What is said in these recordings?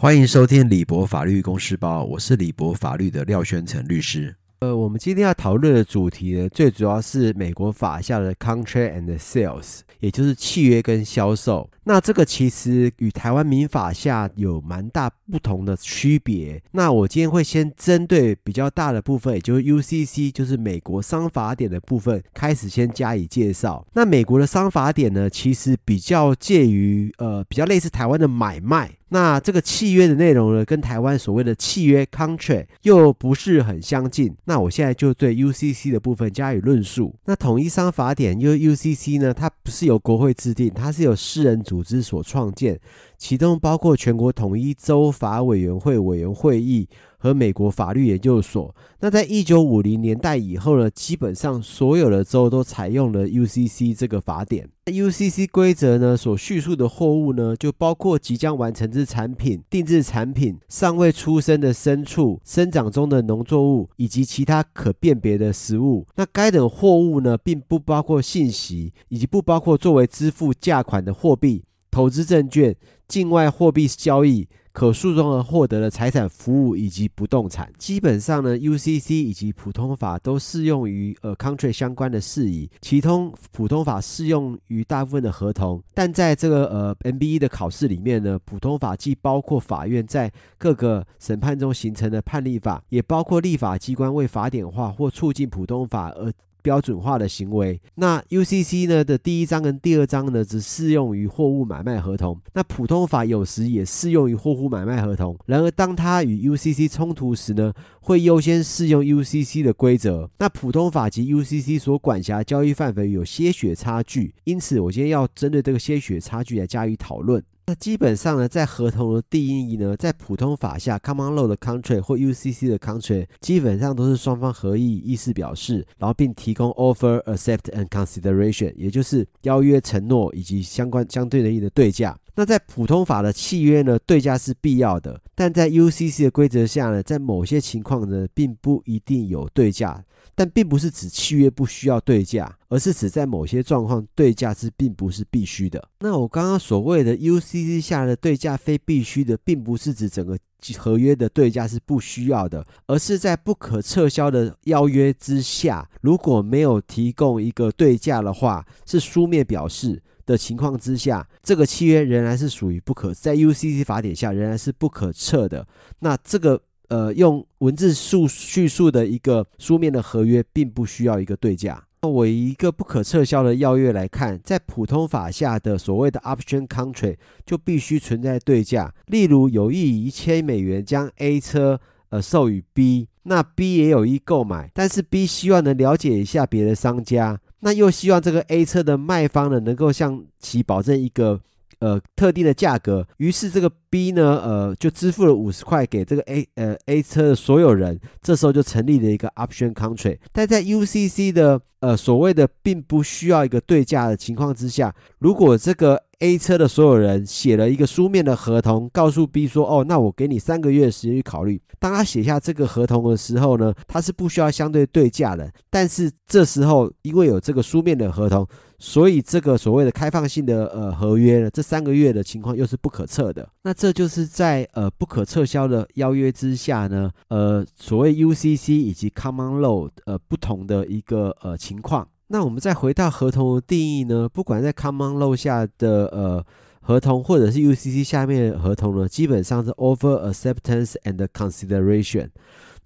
歡迎收聽李博法律公司報，我是李博法律的廖宣成律師。呃，我們今天要討論的主題呢，最主要是美國法下的 contract and sales，也就是契約跟銷售。那這個其實與台灣民法下有蠻大不同的區別。那我今天會先針對比較大的部分，也就是 UCC，就是美國商法典的部分，開始先加以介紹。那美國的商法典呢，其實比較介於呃，比較類似台灣的買賣。那這個契約的內容呢，跟台灣所謂的契約 （contract） 又不是很相近。那我現在就對 UCC 的部分加以論述。那統一商法典 （UUCC） 呢，它不是由國會制定，它是由私人組。組織所創建，其中包括全國統一州法委員會委員會議和美國法律研究所。那在一九五零年代以後呢，基本上所有的州都採用了 UCC 這個法典。那 UCC 規則呢，所敘述的貨物呢，就包括即將完成之產品、定制產品、尚未出生的牲畜、生長中的農作物以及其他可辨別的食物。那該等貨物呢，並不包括信息，以及不包括作為支付價款的貨幣。投資證券、境外貨幣交易、可訴訟而獲得的財產服務以及不動產，基本上呢，UCC 以及普通法都適用於呃 country 相關的事宜。其中普通法適用於大部分的合同，但在這個呃 MBE 的考試裡面呢，普通法既包括法院在各個審判中形成的判例法，也包括立法機關為法典化或促進普通法而。標準化的行為。那 UCC 呢的第一章跟第二章呢，只適用於貨物買賣合同。那普通法有時也適用於貨物買賣合同。然而，當它與 UCC 衝突時呢，會優先適用 UCC 的規則。那普通法及 UCC 所管轄交易範圍有些許差距，因此我今天要針對這個些許差距來加以討論。那基本上呢，在合同的定義呢，在普通法下 （Common Law） 的 contract 或 UCC 的 contract，基本上都是雙方合意意思表示，然後並提供 offer、accept and consideration，也就是邀約、承諾以及相關相對應的對價。那在普通法的契約呢，對價是必要的，但在 UCC 的規則下呢，在某些情況呢，並不一定有對價。但並不是指契約不需要對價，而是指在某些狀況，對價是並不是必須的。那我剛剛所謂的 UCC 下的對價非必須的，並不是指整個合約的對價是不需要的，而是在不可撤銷的邀約之下，如果沒有提供一個對價的話，是書面表示的情況之下，這個契約仍然是屬於不可，在 UCC 法典下仍然是不可撤的。那這個。呃，用文字敘敘述，述，述的一個書面的合約，並不需要一個對價。那我以一個不可撤銷的要約來看，在普通法下的所謂的 option contract 就必須存在對價。例如有意以一千美元將 A 車呃售予 B，那 B 也有意購買，但是 B 希望能了解一下別的商家，那又希望這個 A 車的賣方呢能夠向其保證一個。呃，特定的價格，於是這個 B 呢，呃，就支付了五十塊給這個 A，呃，A 車的所有人。這時候就成立了一個 Option Contract。但在 UCC 的呃所謂的並不需要一個對價的情況之下，如果這個 A 車的所有人寫了一個書面的合同，告訴 B 說，哦，那我給你三個月的時間去考慮。當他寫下這個合同的時候呢，他是不需要相對對價的。但是這時候因為有這個書面的合同。所以這個所謂的開放性的呃合約呢，這三個月的情況又是不可測的。那這就是在呃不可撤銷的邀約之下呢，呃所謂 UCC 以及 Common Law 呃不同的一個呃情況。那我們再回到合同的定義呢，不管在 Common Law 下的呃合同或者是 UCC 下面的合同呢，基本上是 Offer, Acceptance and Consideration。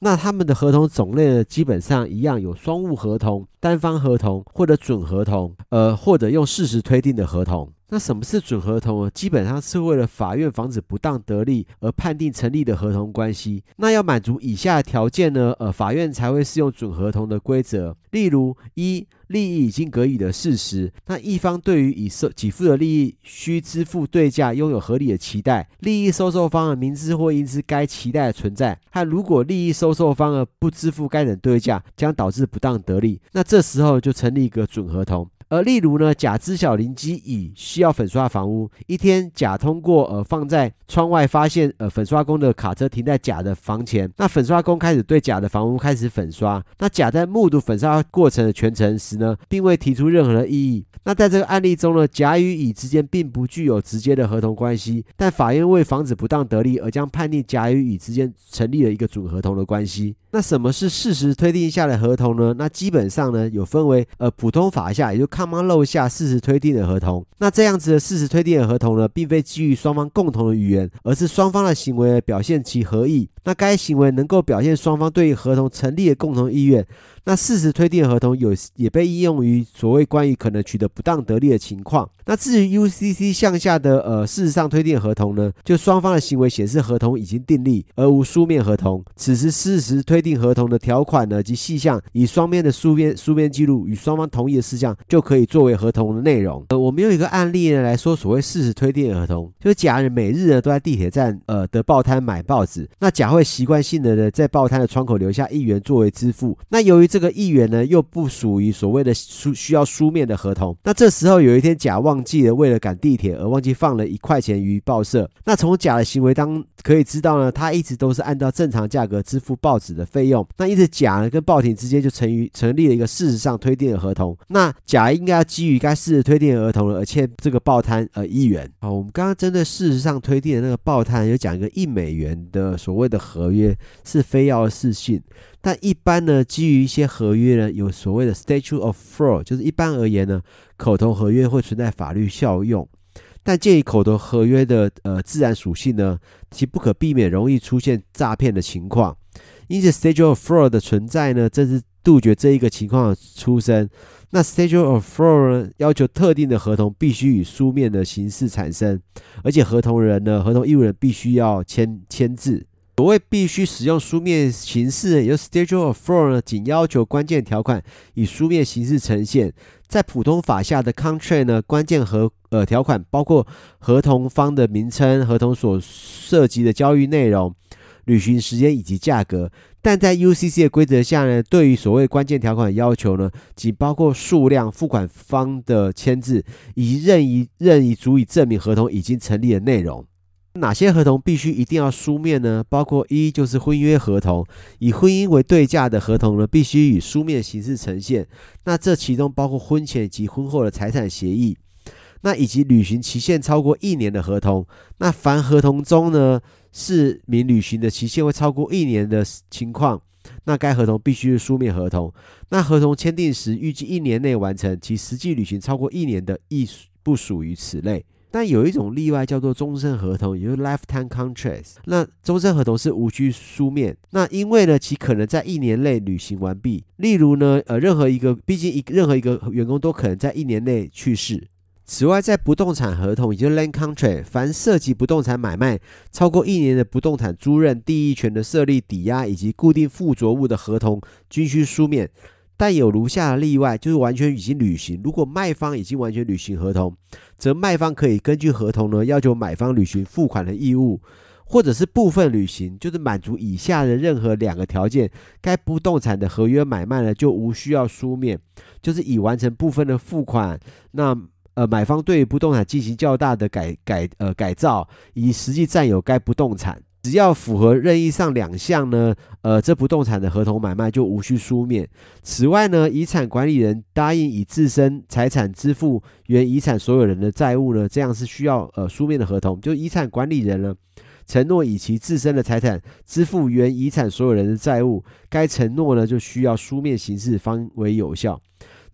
那他們的合同種類呢，基本上一樣，有雙務合同、單方合同或者準合同，呃，或者用事實推定的合同。那什麼是準合同呢？基本上是為了法院防止不當得利而判定成立的合同關係。那要滿足以下的條件呢，呃，法院才會適用準合同的規則。例如，一利益已經給予的事實，那一方對於已收給付的利益需支付對價，擁有合理的期待。利益收受方而明知或應知該期待的存在，和如果利益收受方而不支付該等對價，將導致不當得利。那這時候就成立一個準合同。而例如呢，甲知曉鄰居乙需要粉刷房屋，一天，甲通過呃放在窗外發現呃粉刷工的卡車停在甲的房前，那粉刷工開始對甲的房屋開始粉刷，那甲在目睹粉刷過程的全程時呢，並未提出任何的異議。那在這個案例中呢，甲與乙之間並不具有直接的合同關係，但法院為防止不當得利而將判定甲與乙之間成立了一個主合同的關係。那什麼是事實推定下的合同呢？那基本上呢，有分為呃普通法下也就是。雙方漏下事實推定的合同，那這樣子的事實推定的合同呢，並非基於雙方共同的語言，而是雙方的行為表現其合意。那該行為能夠表現雙方對於合同成立的共同意願。那事實推定的合同有也被應用於所謂關於可能取得不當得利的情況。那至於 UCC 項下的呃事實上推定合同呢，就雙方的行為顯示合同已經訂立而無書面合同，此時事實推定合同的條款呢及細項以雙邊的書面書面記錄與雙方同意的事項就可以作為合同的內容。呃，我們用一個案例呢來說所謂事實推定的合同，就是甲人每日呢都在地鐵站呃的報攤買報紙，那甲會習慣性的呢在報攤的窗口留下一元作為支付。那由於這個一元呢，又不屬於所謂的書需要書面的合同。那這時候有一天，甲忘記了為了趕地鐵而忘記放了一塊錢於報社。那從甲的行為當可以知道呢，他一直都是按照正常價格支付報紙的費用。那因此，甲呢跟報亭之間就成於成立了一個事實上推定的合同。那甲應該要基於該事實推定的合同而欠這個報攤呃一元。好，我們剛剛針對事實上推定的那個報攤，有講一個一美元的所謂的合約是非要適信。但一般呢，基於一些合約呢，有所謂的 Statute of Fraud，就是一般而言呢，口頭合約會存在法律效用。但鑒於口頭合約的呃自然屬性呢，其不可避免容易出現詐騙的情況，因此 Statute of Fraud 的存在呢，正是杜絕這一個情況的出生。那 Statute of Fraud 呢，要求特定的合同必須以書面的形式產生，而且合同人呢，合同義務人必須要簽簽字。所謂必須使用書面形式，由 statute of frauds 呢，僅要求關鍵條款以書面形式呈現。在普通法下的 contract 呢，關鍵合呃條款包括合同方的名稱、合同所涉及的交易內容、履行時間以及價格。但在 UCC 的規則下呢，對於所謂關鍵條款的要求呢，僅包括數量、付款方的簽字以及任意任意足以證明合同已經成立的內容。哪些合同必須一定要書面呢？包括一就是婚約合同，以婚姻為對價的合同呢，必須以書面形式呈現。那這其中包括婚前及婚後的財產協議，那以及履行期限超過一年的合同。那凡合同中呢，市民履行的期限會超過一年的情況，那該合同必須是書面合同。那合同簽訂時預計一年內完成，其實際履行超過一年的，亦不屬於此類。但有一種例外叫做終身合同，也就是 lifetime contracts。那終身合同是無需書面。那因為呢，其可能在一年內履行完畢。例如呢，呃，任何一個畢竟一任何一個員工都可能在一年內去世。此外，在不動產合同，也就是 land contract，凡涉及不動產買賣、超過一年的不動產租賃、地役權的設立、抵押以及固定附着物的合同，均需書面。但有如下的例外，就是完全已經履行。如果賣方已經完全履行合同，則賣方可以根據合同呢要求買方履行付款的義務，或者是部分履行，就是滿足以下的任何兩個條件，該不動產的合約買賣呢就無需要書面，就是已完成部分的付款。那呃，買方對於不動產進行較大的改改呃改造，以實際占有該不動產。只要符合任意上兩項呢，呃，這不動產的合同買賣就無需書面。此外呢，遺產管理人答應以自身財產支付原遺產所有人的債務呢，這樣是需要呃書面的合同。就遺產管理人呢，承諾以其自身的財產支付原遺產所有人的債務，該承諾呢就需要書面形式方為有效。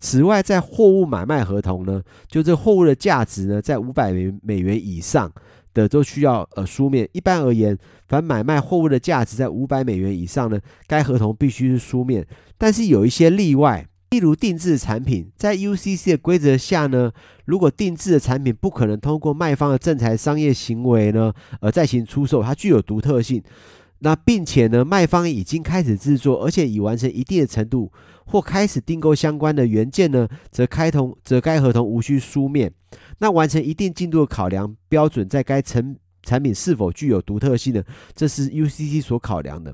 此外，在貨物買賣合同呢，就這貨物的價值呢，在五百美元以上。的都需要呃書面。一般而言，凡買賣貨物的價值在五百美元以上呢，該合同必須是書面。但是有一些例外，例如定制產品，在 UCC 的規則下呢，如果定制的產品不可能通過賣方的正常商業行為呢，而、呃、再行出售，它具有獨特性，那並且呢，賣方已經開始制作，而且已完成一定的程度，或開始訂購相關的原件呢，則合同，則該合同無需書面。那完成一定進度的考量標準在，在該成產品是否具有獨特性呢？這是 UCC 所考量的。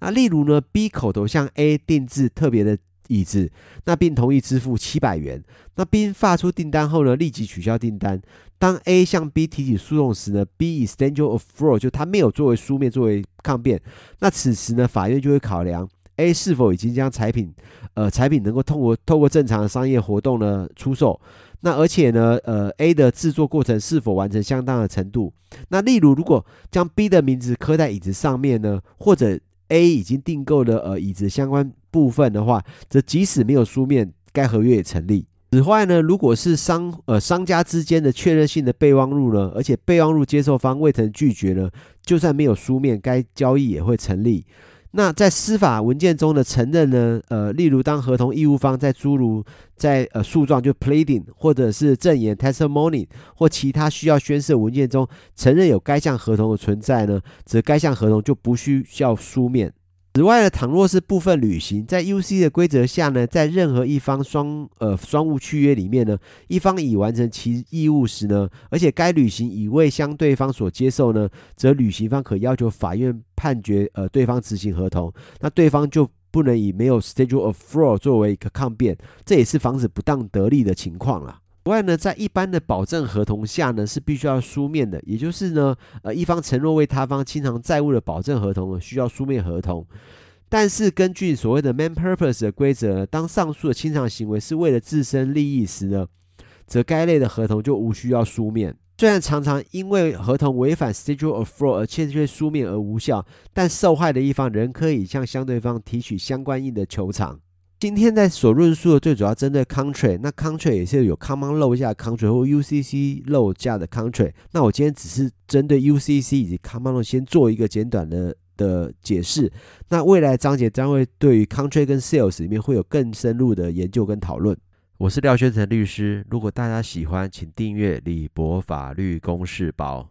那例如呢，B 口頭向 A 定製特別的椅子，那並同意支付七百元。那 B 發出訂單後呢，立即取消訂單。當 A 向 B 提起訴訟時呢，B 以 Statute of Frauds，就他沒有作為書面作為抗辯。那此時呢，法院就會考量 A 是否已經將產品，呃，產品能夠通過透過正常的商業活動呢出售。那而且呢，呃，A 的製作過程是否完成相當的程度？那例如，如果將 B 的名字刻在椅子上面呢，或者 A 已經訂購了呃椅子相關部分的話，則即使沒有書面，該合約也成立。此外呢，如果是商呃商家之間的確認性的備忘錄呢，而且備忘錄接受方未曾拒絕呢，就算沒有書面，該交易也會成立。那在司法文件中的承認呢，呃，例如當合同義務方在諸如在呃訴狀就 pleading 或者是證言 testimony 或其他需要宣誓文件中承認有該項合同的存在呢，則該項合同就不需需要書面。此外呢，倘若是部分履行，在 UCC 的規則下呢，在任何一方雙呃雙務契約裡面呢，一方已完成其義務時呢，而且該履行已為相對方所接受呢，則履行方可要求法院判決呃對方執行合同，那對方就不能以沒有 statute of frauds 作為一個抗辯，這也是防止不當得利的情況啦。另外呢，在一般的保證合同下呢，是必須要書面的。也就是呢，呃，一方承諾為他方清償債務的保證合同需要書面合同。但是根據所謂的 main purpose 的規則，當上述的清償行為是為了自身利益時呢，則該類的合同就無需要書面。雖然常常因為合同違反 statute of fraud 而欠缺書面而無效，但受害的一方仍可以向相對方提取相關應的求償。今天在所論述的最主要針對 contract，那 contract 也是有 common law 下 contract 或 UCC 法下的 contract。那我今天只是針對 UCC 以及 common law 先做一個簡短的的解釋。那未來章節將會對於 contract 跟 sales 裡面會有更深入的研究跟討論。我是廖學成律師，如果大家喜歡，請訂閱李博法律公事包。